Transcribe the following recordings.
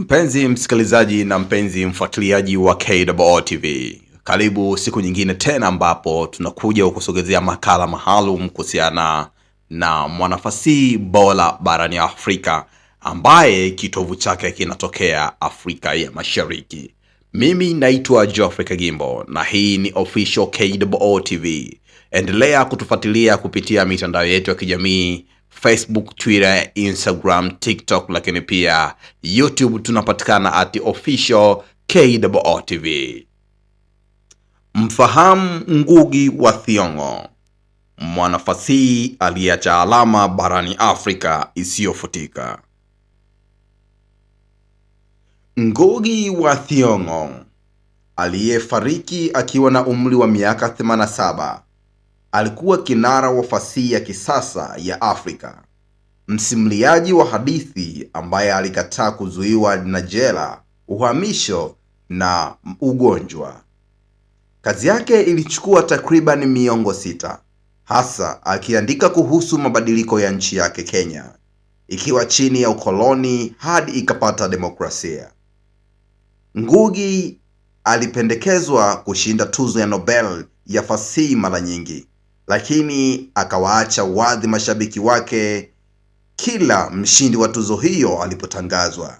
Mpenzi msikilizaji na mpenzi mfuatiliaji wa KOO TV, karibu siku nyingine tena ambapo tunakuja kukusogezea makala maalum kuhusiana na mwanafasihi bora barani Afrika ambaye kitovu chake kinatokea Afrika ya Mashariki. Mimi naitwa Geoffrey Kagimbo na hii ni official KOO TV. Endelea kutufuatilia kupitia mitandao yetu ya kijamii Facebook, Twitter, Instagram, TikTok, lakini pia YouTube tunapatikana at official KOO TV. Mfahamu Ngugi wa Thiong'o, mwanafasihi aliyeacha alama barani Afrika isiyofutika. Ngugi wa Thiong'o aliyefariki akiwa na umri wa miaka 87 alikuwa kinara wa fasihi ya kisasa ya Afrika, msimuliaji wa hadithi ambaye alikataa kuzuiwa na jela, uhamisho na ugonjwa. Kazi yake ilichukua takriban miongo sita, hasa akiandika kuhusu mabadiliko ya nchi yake Kenya, ikiwa chini ya ukoloni hadi ikapata demokrasia. Ngugi alipendekezwa kushinda tuzo ya Nobel ya fasihi mara nyingi, lakini akawaacha wadhi mashabiki wake kila mshindi wa tuzo hiyo alipotangazwa.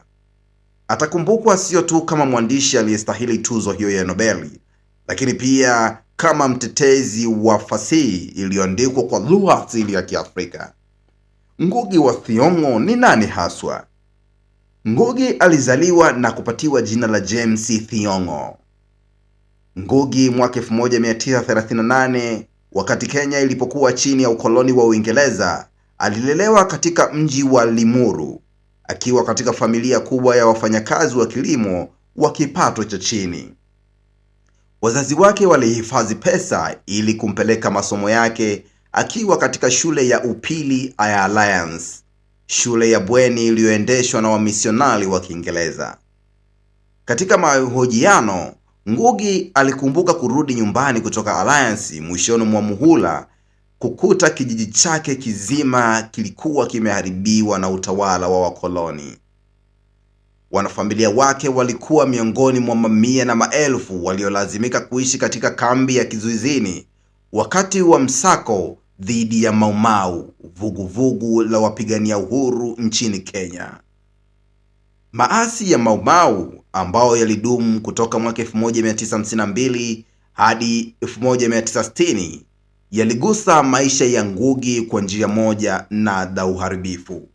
Atakumbukwa sio tu kama mwandishi aliyestahili tuzo hiyo ya Nobeli, lakini pia kama mtetezi wa fasihi iliyoandikwa kwa lugha asili ya Kiafrika. Ngugi wa Thiong'o ni nani haswa? Ngugi alizaliwa na kupatiwa jina la James Thiong'o. Ngugi mwaka 1938 Wakati Kenya ilipokuwa chini ya ukoloni wa Uingereza, alilelewa katika mji wa Limuru akiwa katika familia kubwa ya wafanyakazi wa kilimo wa kipato cha chini. Wazazi wake walihifadhi pesa ili kumpeleka masomo yake akiwa katika shule ya upili ya Alliance, shule ya bweni iliyoendeshwa na wamisionari wa Kiingereza. Katika mahojiano, Mm. Ngugi alikumbuka kurudi nyumbani kutoka Alliance mwishoni mwa muhula kukuta kijiji chake kizima kilikuwa kimeharibiwa na utawala wa wakoloni. Wanafamilia wake walikuwa miongoni mwa mamia na maelfu waliolazimika kuishi katika kambi ya kizuizini wakati wa msako dhidi ya Maumau, vuguvugu la wapigania uhuru nchini Kenya. Maasi ya Maumau ambayo yalidumu kutoka mwaka 1952 hadi 1960 yaligusa maisha ya Ngugi kwa njia moja na za uharibifu.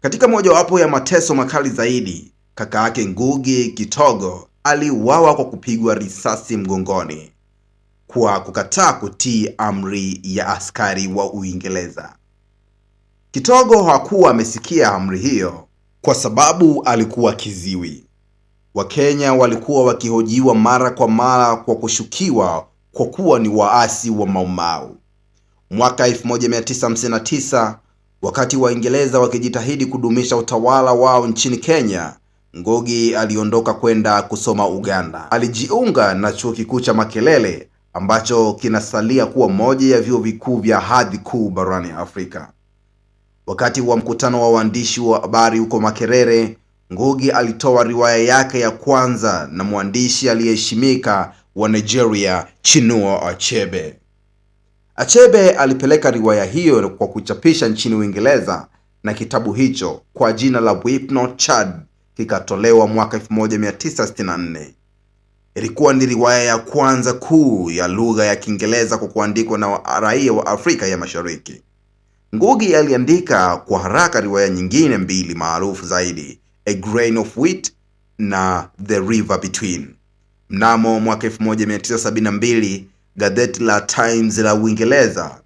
Katika mojawapo ya mateso makali zaidi, kaka yake Ngugi Kitogo aliuawa kwa kupigwa risasi mgongoni kwa kukataa kutii amri ya askari wa Uingereza. Kitogo hakuwa amesikia amri hiyo kwa sababu alikuwa kiziwi. Wakenya walikuwa wakihojiwa mara kwa mara kwa kushukiwa kwa kuwa ni waasi wa Maumau. Mwaka 1959 wakati Waingereza wakijitahidi kudumisha utawala wao nchini Kenya, Ngugi aliondoka kwenda kusoma Uganda. Alijiunga na chuo kikuu cha Makerere ambacho kinasalia kuwa moja ya vyuo vikuu vya hadhi kuu barani Afrika. Wakati wa mkutano wa waandishi wa habari huko Makerere, Ngugi alitoa riwaya yake ya kwanza na mwandishi aliyeheshimika wa Nigeria Chinua Achebe. Achebe alipeleka riwaya hiyo kwa kuchapisha nchini Uingereza na kitabu hicho kwa jina la Weep Not Chad kikatolewa mwaka 1964. Ilikuwa ni riwaya ya kwanza kuu ya lugha ya Kiingereza kwa kuandikwa na raia wa Afrika ya Mashariki. Ngugi aliandika kwa haraka riwaya nyingine mbili maarufu zaidi a grain of wheat na the river between. Mnamo mwaka 1972 gazeti la Times la Uingereza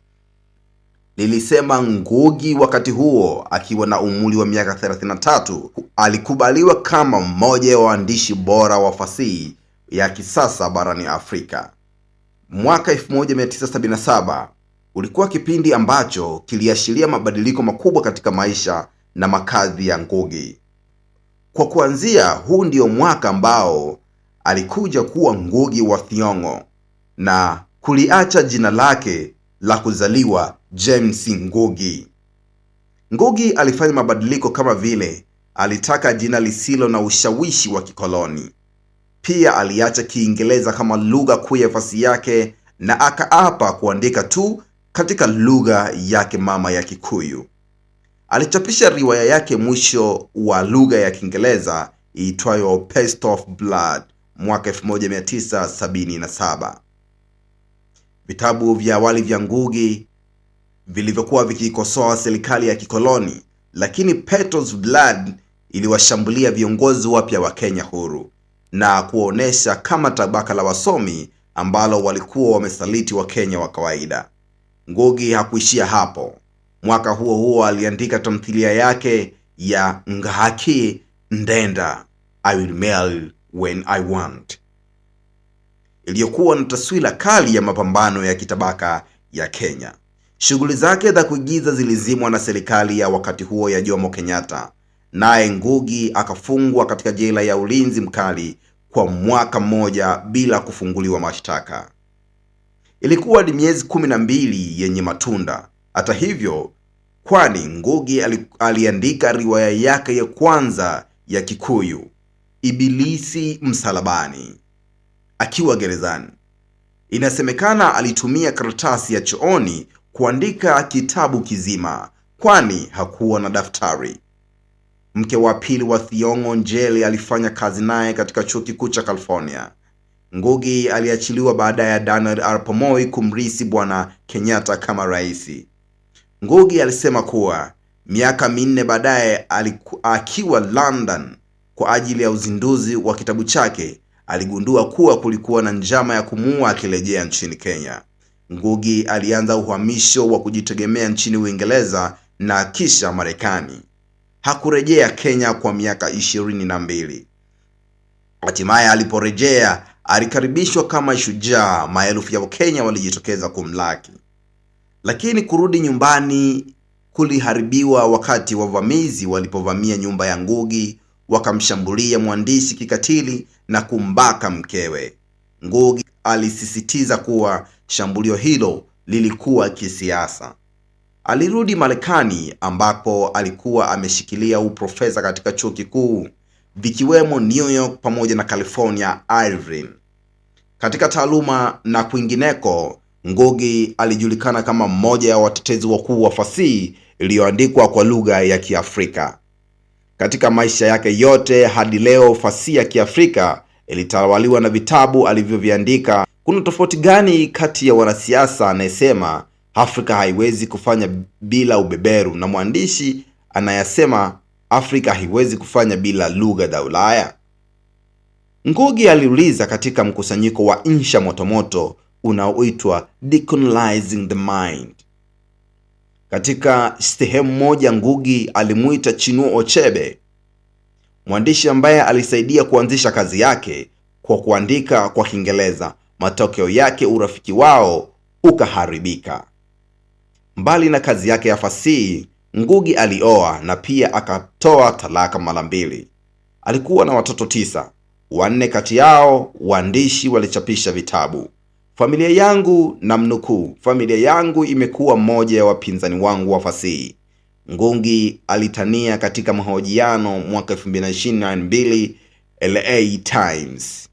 lilisema Ngugi, wakati huo akiwa na umri wa miaka 33, alikubaliwa kama mmoja wa waandishi bora wa fasihi ya kisasa barani Afrika. Mwaka 1977 ulikuwa kipindi ambacho kiliashiria mabadiliko makubwa katika maisha na makazi ya Ngugi. Kwa kuanzia, huu ndio mwaka ambao alikuja kuwa Ngugi wa Thiong'o na kuliacha jina lake la kuzaliwa James Ngugi. Ngugi alifanya mabadiliko kama vile alitaka jina lisilo na ushawishi wa kikoloni. Pia aliacha Kiingereza kama lugha kuu ya fasi yake na akaapa kuandika tu katika lugha yake mama ya Kikuyu. Alichapisha riwaya yake mwisho wa lugha ya Kiingereza iitwayo Pest of Blood mwaka 1977. Vitabu vya awali vya Ngugi vilivyokuwa vikikosoa serikali ya kikoloni, lakini Taste of Blood iliwashambulia viongozi wapya wa Kenya huru na kuonesha kama tabaka la wasomi ambalo walikuwa wamesaliti Wakenya wa kawaida. Ngugi hakuishia hapo. Mwaka huo huo aliandika tamthilia yake ya Ngahaki Ndenda I Will mail When I Want iliyokuwa na taswira kali ya mapambano ya kitabaka ya Kenya. Shughuli zake za kuigiza zilizimwa na serikali ya wakati huo ya Jomo Kenyatta, naye Ngugi akafungwa katika jela ya ulinzi mkali kwa mwaka mmoja bila kufunguliwa mashtaka. Ilikuwa ni miezi kumi na mbili yenye matunda. Hata hivyo, kwani Ngugi aliandika riwaya yake ya kwanza ya Kikuyu, Ibilisi Msalabani, akiwa gerezani. Inasemekana alitumia karatasi ya chooni kuandika kitabu kizima, kwani hakuwa na daftari. Mke wa pili wa Thiong'o Njeli alifanya kazi naye katika chuo kikuu cha California. Ngugi aliachiliwa baada ya Daniel Arap Moi kumrisi Bwana Kenyatta kama raisi Ngugi alisema kuwa miaka minne baadaye akiwa London kwa ajili ya uzinduzi wa kitabu chake aligundua kuwa kulikuwa na njama ya kumuua akirejea nchini Kenya. Ngugi alianza uhamisho wa kujitegemea nchini Uingereza na kisha Marekani. Hakurejea Kenya kwa miaka ishirini na mbili. Hatimaye aliporejea alikaribishwa kama shujaa. Maelfu ya Wakenya walijitokeza kumlaki lakini kurudi nyumbani kuliharibiwa wakati wavamizi walipovamia nyumba ya Ngugi wakamshambulia mwandishi kikatili na kumbaka mkewe. Ngugi alisisitiza kuwa shambulio hilo lilikuwa kisiasa. Alirudi Marekani ambapo alikuwa ameshikilia uprofesa katika chuo kikuu vikiwemo New York pamoja na California Irvine katika taaluma na kwingineko. Ngugi alijulikana kama mmoja ya watetezi wakuu wa fasihi iliyoandikwa kwa lugha ya Kiafrika. Katika maisha yake yote hadi leo, fasihi ya Kiafrika ilitawaliwa na vitabu alivyoviandika. Kuna tofauti gani kati ya wanasiasa anayesema Afrika haiwezi kufanya bila ubeberu na mwandishi anayesema Afrika haiwezi kufanya bila lugha za Ulaya? Ngugi aliuliza katika mkusanyiko wa insha motomoto unaoitwa Decolonizing the Mind. Katika sehemu moja, Ngugi alimuita Chinua Achebe, mwandishi ambaye alisaidia kuanzisha kazi yake kwa kuandika kwa Kiingereza. Matokeo yake urafiki wao ukaharibika. Mbali na kazi yake ya fasihi, Ngugi alioa na pia akatoa talaka mara mbili. Alikuwa na watoto tisa, wanne kati yao waandishi walichapisha vitabu. Familia yangu na mnukuu, familia yangu imekuwa mmoja ya wapinzani wangu wa fasihi, Ngugi alitania katika mahojiano mwaka 2022 LA Times.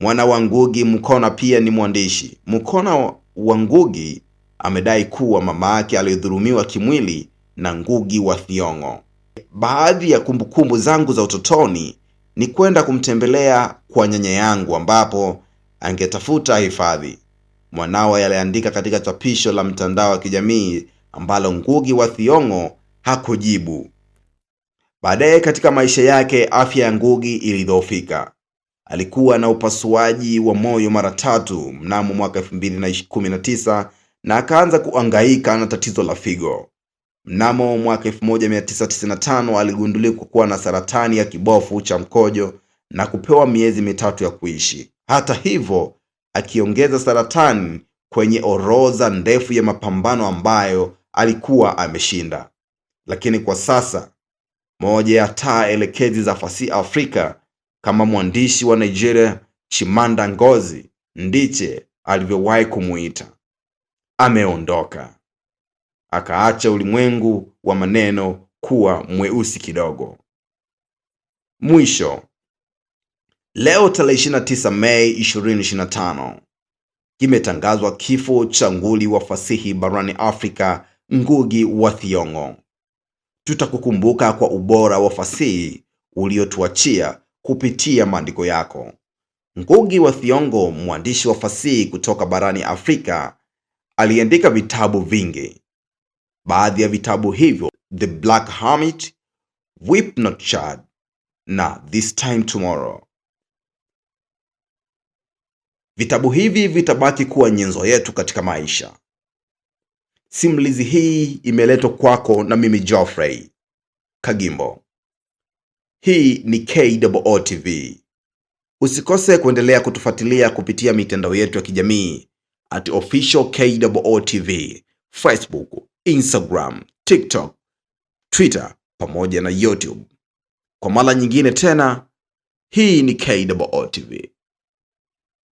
Mwana wa Ngugi Mkona pia ni mwandishi. Mkona wa Ngugi amedai kuwa mama yake alidhulumiwa kimwili na Ngugi wa Thiong'o. Baadhi ya kumbukumbu zangu za utotoni ni kwenda kumtembelea kwa nyanya yangu ambapo angetafuta hifadhi. Mwanawe aliandika katika chapisho la mtandao wa kijamii ambalo Ngugi wa Thiong'o hakujibu. Baadaye katika maisha yake, afya ya Ngugi ilidhoofika. Alikuwa na upasuaji wa moyo mara tatu mnamo mwaka 2019 na akaanza kuangaika na tatizo la figo. Mnamo mwaka 1995 aligunduliwa kuwa na saratani ya kibofu cha mkojo na kupewa miezi mitatu ya kuishi. Hata hivyo, akiongeza saratani kwenye orodha ndefu ya mapambano ambayo alikuwa ameshinda. Lakini kwa sasa, moja ya taa elekezi za fasi Afrika kama mwandishi wa Nigeria Chimamanda Ngozi ndiche alivyowahi kumuita, ameondoka, akaacha ulimwengu wa maneno kuwa mweusi kidogo. Mwisho, Leo tarehe 29 Mei 2025 kimetangazwa kifo cha nguli wa fasihi barani Afrika Ngugi wa Thiong'o. Tutakukumbuka kwa ubora wa fasihi uliotuachia kupitia maandiko yako. Ngugi wa Thiong'o, mwandishi wa fasihi kutoka barani Afrika, aliandika vitabu vingi. Baadhi ya vitabu hivyo The Black Hermit, Weep Not Chad na This Time Tomorrow Vitabu hivi vitabaki kuwa nyenzo yetu katika maisha. Simulizi hii imeletwa kwako na mimi Geoffrey Kagimbo. Hii ni KOO TV. Usikose kuendelea kutufuatilia kupitia mitandao yetu ya kijamii at official KOO TV, Facebook, Instagram, TikTok, Twitter pamoja na YouTube. Kwa mara nyingine tena, hii ni KOO TV.